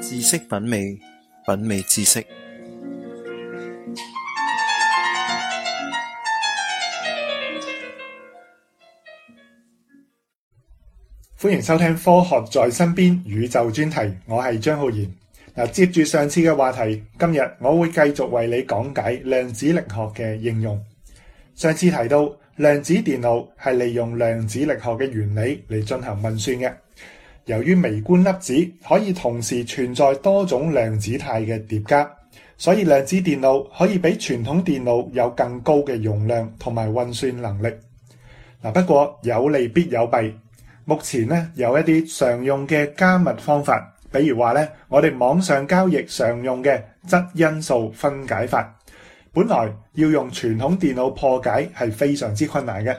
知識品味，品味知識。歡迎收聽《科學在身邊·宇宙》專題，我係張浩然。嗱，接住上次嘅話題，今日我會繼續為你講解量子力學嘅應用。上次提到，量子電腦係利用量子力學嘅原理嚟進行運算嘅。由於微觀粒子可以同時存在多種量子態嘅疊加，所以量子電腦可以比傳統電腦有更高嘅容量同埋運算能力。不過有利必有弊，目前咧有一啲常用嘅加密方法，比如話咧我哋網上交易常用嘅質因數分解法，本來要用傳統電腦破解係非常之困難嘅。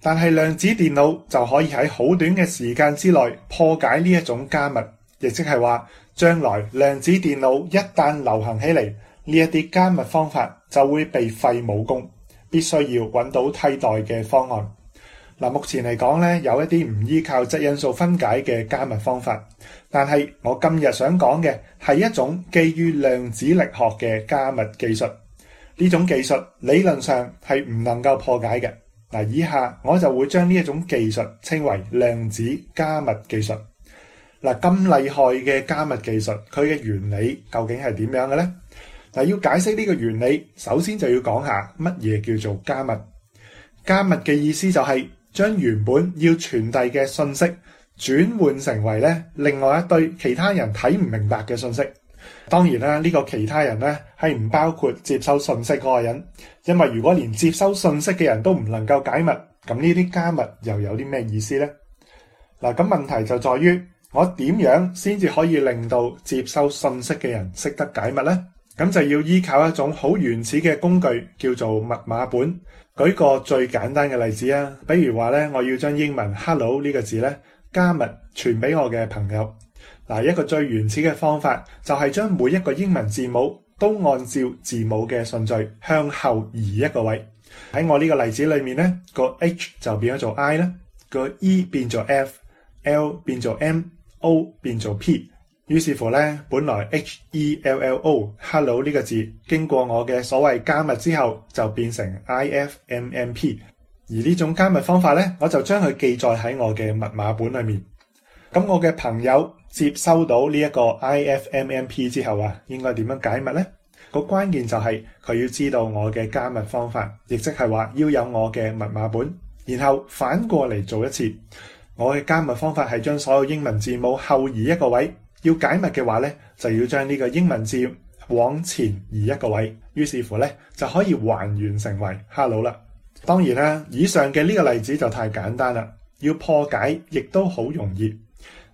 但係量子電腦就可以喺好短嘅時間之內破解呢一種加密，亦即係話將來量子電腦一旦流行起嚟，呢一啲加密方法就會被廢武功，必須要揾到替代嘅方案。嗱，目前嚟講咧有一啲唔依靠質因素分解嘅加密方法，但係我今日想講嘅係一種基於量子力學嘅加密技術，呢種技術理論上係唔能夠破解嘅。嗱，以下我就會將呢一種技術稱為量子加密技術。嗱，咁厲害嘅加密技術，佢嘅原理究竟係點樣嘅呢？嗱，要解釋呢個原理，首先就要講下乜嘢叫做加密。加密嘅意思就係將原本要傳遞嘅信息轉換成為咧另外一對其他人睇唔明白嘅信息。當然啦，呢個其他人咧係唔包括接收信息個人，因為如果連接收信息嘅人都唔能夠解密，咁呢啲加密又有啲咩意思呢？嗱，咁問題就在於我點樣先至可以令到接收信息嘅人識得解密呢？咁就要依靠一種好原始嘅工具，叫做密碼本。舉個最簡單嘅例子啊，比如話咧，我要將英文 Hello 呢個字咧加密傳俾我嘅朋友。嗱，一個最原始嘅方法就係將每一個英文字母都按照字母嘅順序向後移一個位。喺我呢個例子裏面咧，個 H 就變咗做 I 咧，個 E 變咗 F，L 變咗 M，O 變咗 P。於是乎咧，本來 H E L L O Hello 呢個字經過我嘅所謂加密之後就變成 I F M M P。而呢種加密方法咧，我就將佢記載喺我嘅密碼本裏面。咁我嘅朋友接收到呢一個 IFMMP 之後啊，應該點樣解密咧？個關鍵就係佢要知道我嘅加密方法，亦即係話要有我嘅密碼本，然後反過嚟做一次。我嘅加密方法係將所有英文字母後移一個位，要解密嘅話咧，就要將呢個英文字往前移一個位，於是乎咧，就可以還原成為 Hello 啦。當然啦，以上嘅呢個例子就太簡單啦，要破解亦都好容易。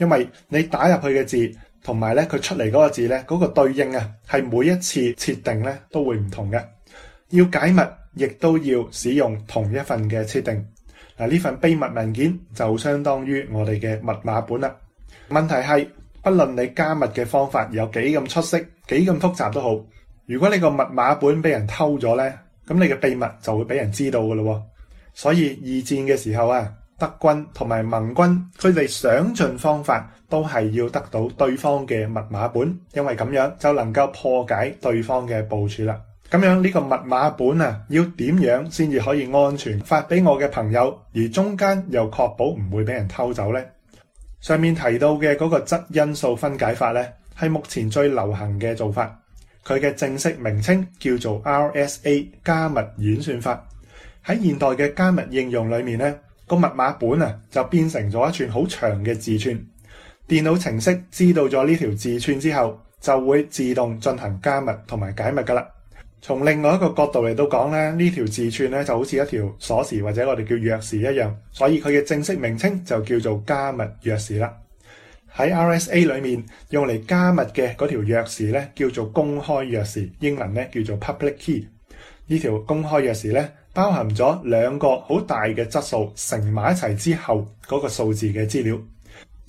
因為你打入去嘅字，同埋咧佢出嚟嗰個字咧，嗰個對應啊，係每一次設定咧都會唔同嘅。要解密，亦都要使用同一份嘅設定。嗱，呢份秘密文件就相當於我哋嘅密碼本啦。問題係，不論你加密嘅方法有幾咁出色，幾咁複雜都好，如果你個密碼本俾人偷咗咧，咁你嘅秘密就會俾人知道㗎喇。所以二戰嘅時候啊。德軍同埋盟軍，佢哋想盡方法，都係要得到對方嘅密碼本，因為咁樣就能夠破解對方嘅部署啦。咁樣呢個密碼本啊，要點樣先至可以安全發俾我嘅朋友，而中間又確保唔會俾人偷走呢？上面提到嘅嗰個質因素分解法咧，係目前最流行嘅做法。佢嘅正式名稱叫做 RSA 加密演算法。喺現代嘅加密應用裏面咧。個密碼本啊，就變成咗一串好長嘅字串。電腦程式知道咗呢條字串之後，就會自動進行加密同埋解密噶啦。從另外一個角度嚟到講咧，呢條字串咧就好似一條鎖匙或者我哋叫鑰匙一樣，所以佢嘅正式名稱就叫做加密鑰匙啦。喺 RSA 裏面用嚟加密嘅嗰條鑰匙咧，叫做公開鑰匙，英文咧叫做 public key。呢條公開鑰匙咧。包含咗兩個好大嘅質數乘埋一齊之後嗰、那個數字嘅資料，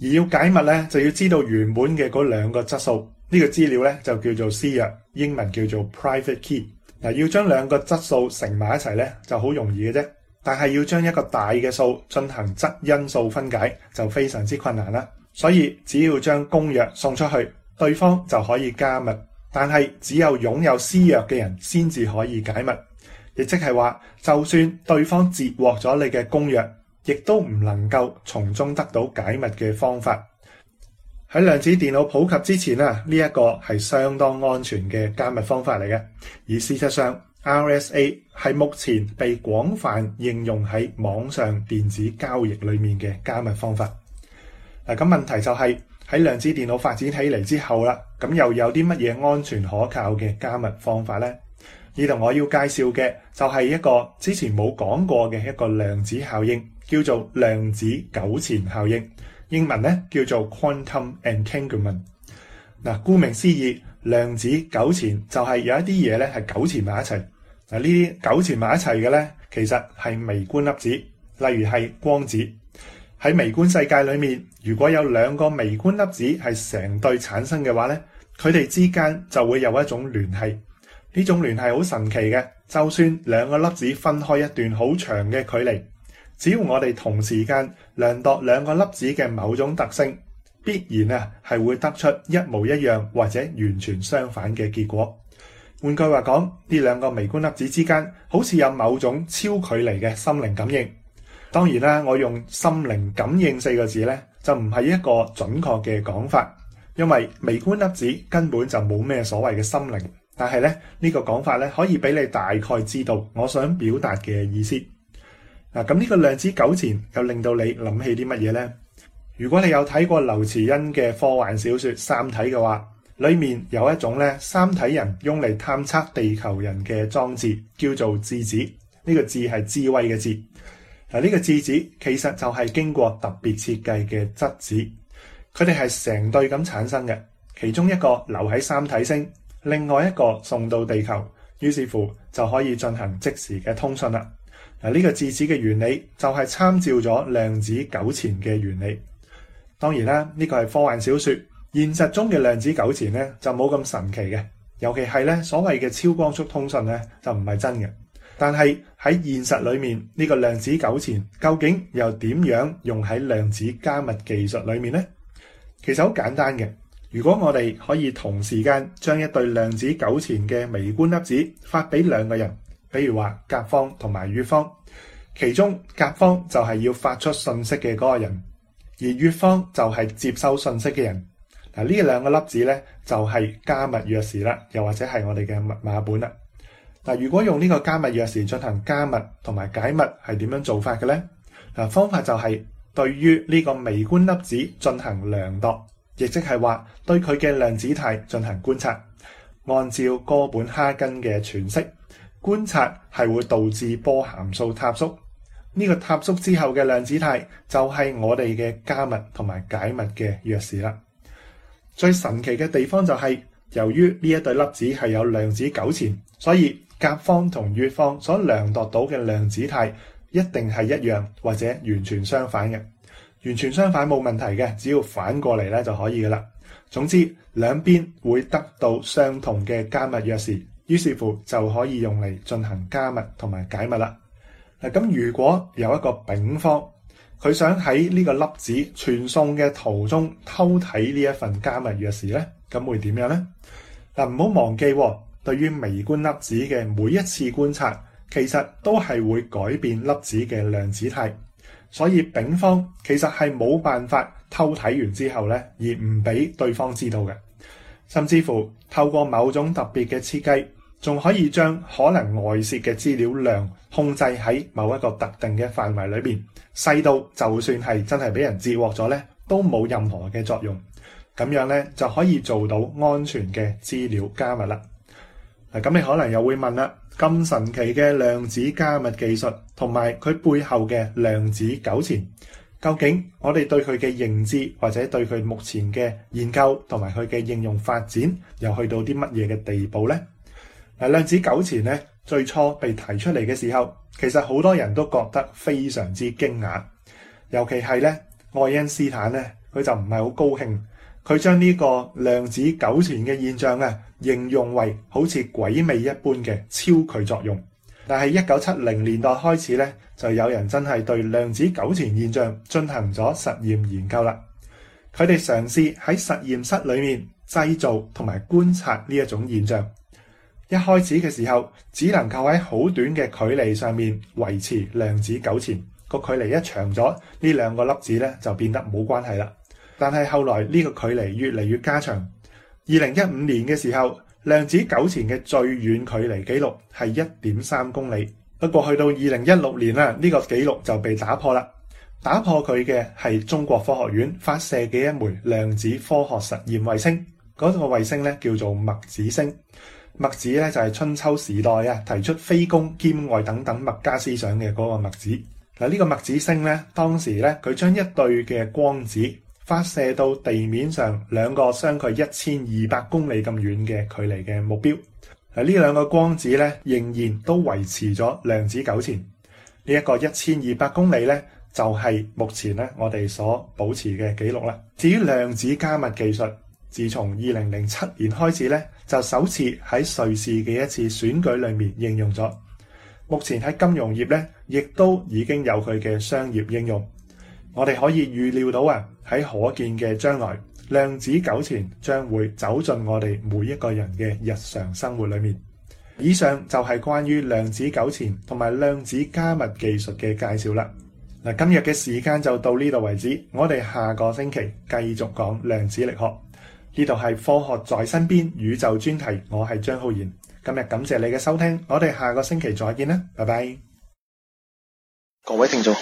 而要解密咧就要知道原本嘅嗰兩個質數呢、這個資料咧就叫做私鑰，英文叫做 private key。嗱，要將兩個質數乘埋一齊咧就好容易嘅啫，但係要將一個大嘅數進行質因數分解就非常之困難啦。所以只要將公鑰送出去，對方就可以加密，但係只有擁有私鑰嘅人先至可以解密。亦即係話，就算對方截獲咗你嘅公鑰，亦都唔能夠從中得到解密嘅方法。喺量子電腦普及之前啊，呢一個係相當安全嘅加密方法嚟嘅。而事實上，RSA 係目前被廣泛應用喺網上電子交易裏面嘅加密方法。嗱，咁問題就係喺量子電腦發展起嚟之後啦，咁又有啲乜嘢安全可靠嘅加密方法呢？而同我要介紹嘅就係一個之前冇講過嘅一個量子效應，叫做量子糾纏效應。英文咧叫做 quantum entanglement。呃，顧名思義，量子糾纏就係有一啲嘢咧係糾纏埋一齊。嗱、呃，呢啲糾纏埋一齊嘅咧，其實係微觀粒子，例如係光子。喺微觀世界裏面，如果有兩個微觀粒子係成對產生嘅話咧，佢哋之間就會有一種聯繫。呢種聯繫好神奇嘅，就算兩個粒子分開一段好長嘅距離，只要我哋同時間量度兩個粒子嘅某種特性，必然啊係會得出一模一樣或者完全相反嘅結果。換句話講，呢兩個微觀粒子之間好似有某種超距離嘅心靈感應。當然啦，我用心靈感應四個字咧，就唔係一個準確嘅講法，因為微觀粒子根本就冇咩所謂嘅心靈。但係咧，呢、這個講法咧，可以俾你大概知道我想表達嘅意思嗱。咁呢個量子糾纏又令到你諗起啲乜嘢咧？如果你有睇過劉慈欣嘅科幻小說《三體》嘅話，裏面有一種咧，三體人用嚟探測地球人嘅裝置叫做智子。呢、這個智係智慧嘅智嗱。呢、這個智子其實就係經過特別設計嘅質子，佢哋係成對咁產生嘅，其中一個留喺三體星，另外一個送到地球，於是乎就可以進行即時嘅通訊啦。嗱，呢個智子嘅原理就係參照咗量子糾纏嘅原理。當然啦，呢個係科幻小說，現實中嘅量子糾纏咧就冇咁神奇嘅。尤其係咧所謂嘅超光速通訊咧就唔係真嘅。但係喺現實裏面呢個量子糾纏究竟又點樣用喺量子加密技術裏面呢？其實好簡單嘅。如果我哋可以同時間將一對量子糾纏嘅微觀粒子發俾兩個人，比如話甲方同埋乙方，其中甲方就係要發出信息嘅嗰個人，而乙方就係接收信息嘅人。嗱，呢兩個粒子咧就係加密鑰匙啦，又或者係我哋嘅密碼本啦。嗱，如果用呢個加密鑰匙進行加密同埋解密，係點樣做法嘅咧？嗱，方法就係對於呢個微觀粒子進行量度。亦即係話，對佢嘅量子態進行觀察，按照哥本哈根嘅詮釋，觀察係會導致波函數塌縮。呢個塌縮之後嘅量子態就係我哋嘅加密同埋解密嘅鑰匙啦。最神奇嘅地方就係，由於呢一對粒子係有量子糾纏，所以甲方同乙方所量度到嘅量子態一定係一樣或者完全相反嘅。完全相反冇問題嘅，只要反過嚟咧就可以噶啦。總之兩邊會得到相同嘅加密鑰匙，於是乎就可以用嚟進行加密同埋解密啦。嗱，咁如果有一個丙方佢想喺呢個粒子傳送嘅途中偷睇呢一份加密鑰匙咧，咁會點樣咧？嗱，唔好忘記，對於微觀粒子嘅每一次觀察，其實都係會改變粒子嘅量子態。所以，丙方其實係冇辦法偷睇完之後咧，而唔俾對方知道嘅。甚至乎透過某種特別嘅設計，仲可以將可能外泄嘅資料量控制喺某一個特定嘅範圍裏邊，細到就算係真係俾人截獲咗咧，都冇任何嘅作用。咁樣咧就可以做到安全嘅資料加密啦。嗱，咁你可能又會問啦，咁神奇嘅量子加密技術同埋佢背後嘅量子糾纏，究竟我哋對佢嘅認知或者對佢目前嘅研究同埋佢嘅應用發展，又去到啲乜嘢嘅地步呢？嗱，量子糾纏咧，最初被提出嚟嘅時候，其實好多人都覺得非常之驚訝，尤其係咧愛因斯坦咧，佢就唔係好高興。佢將呢個量子糾纏嘅現象啊，形容為好似鬼魅一般嘅超距作用。但係一九七零年代開始咧，就有人真係對量子糾纏現象進行咗實驗研究啦。佢哋嘗試喺實驗室裏面製造同埋觀察呢一種現象。一開始嘅時候，只能夠喺好短嘅距離上面維持量子糾纏。個距離一長咗，呢兩個粒子咧就變得冇關係啦。但係後來呢個距離越嚟越加長。二零一五年嘅時候，量子糾纏嘅最遠距離記錄係一點三公里。不過去到二零一六年啦，呢個記錄就被打破啦。打破佢嘅係中國科學院發射嘅一枚量子科學實驗衛星嗰個衛星咧，叫做墨子星。墨子咧就係春秋時代啊提出非攻兼愛等等墨家思想嘅嗰個墨子嗱。呢個墨子星咧，當時咧佢將一對嘅光子。發射到地面上兩個相距一千二百公里咁遠嘅距離嘅目標，喺呢兩個光子咧仍然都維持咗量子糾纏。呢一個一千二百公里咧就係、是、目前咧我哋所保持嘅記錄啦。至於量子加密技術，自從二零零七年開始咧就首次喺瑞士嘅一次選舉裏面應用咗，目前喺金融業咧亦都已經有佢嘅商業應用。我哋可以預料到啊，喺可見嘅將來，量子糾纏將會走進我哋每一個人嘅日常生活裏面。以上就係關於量子糾纏同埋量子加密技術嘅介紹啦。嗱，今日嘅時間就到呢度為止，我哋下個星期繼續講量子力學。呢度係科學在身邊宇宙專題，我係張浩然。今日感謝你嘅收聽，我哋下個星期再見啦，拜拜。各位聽眾好。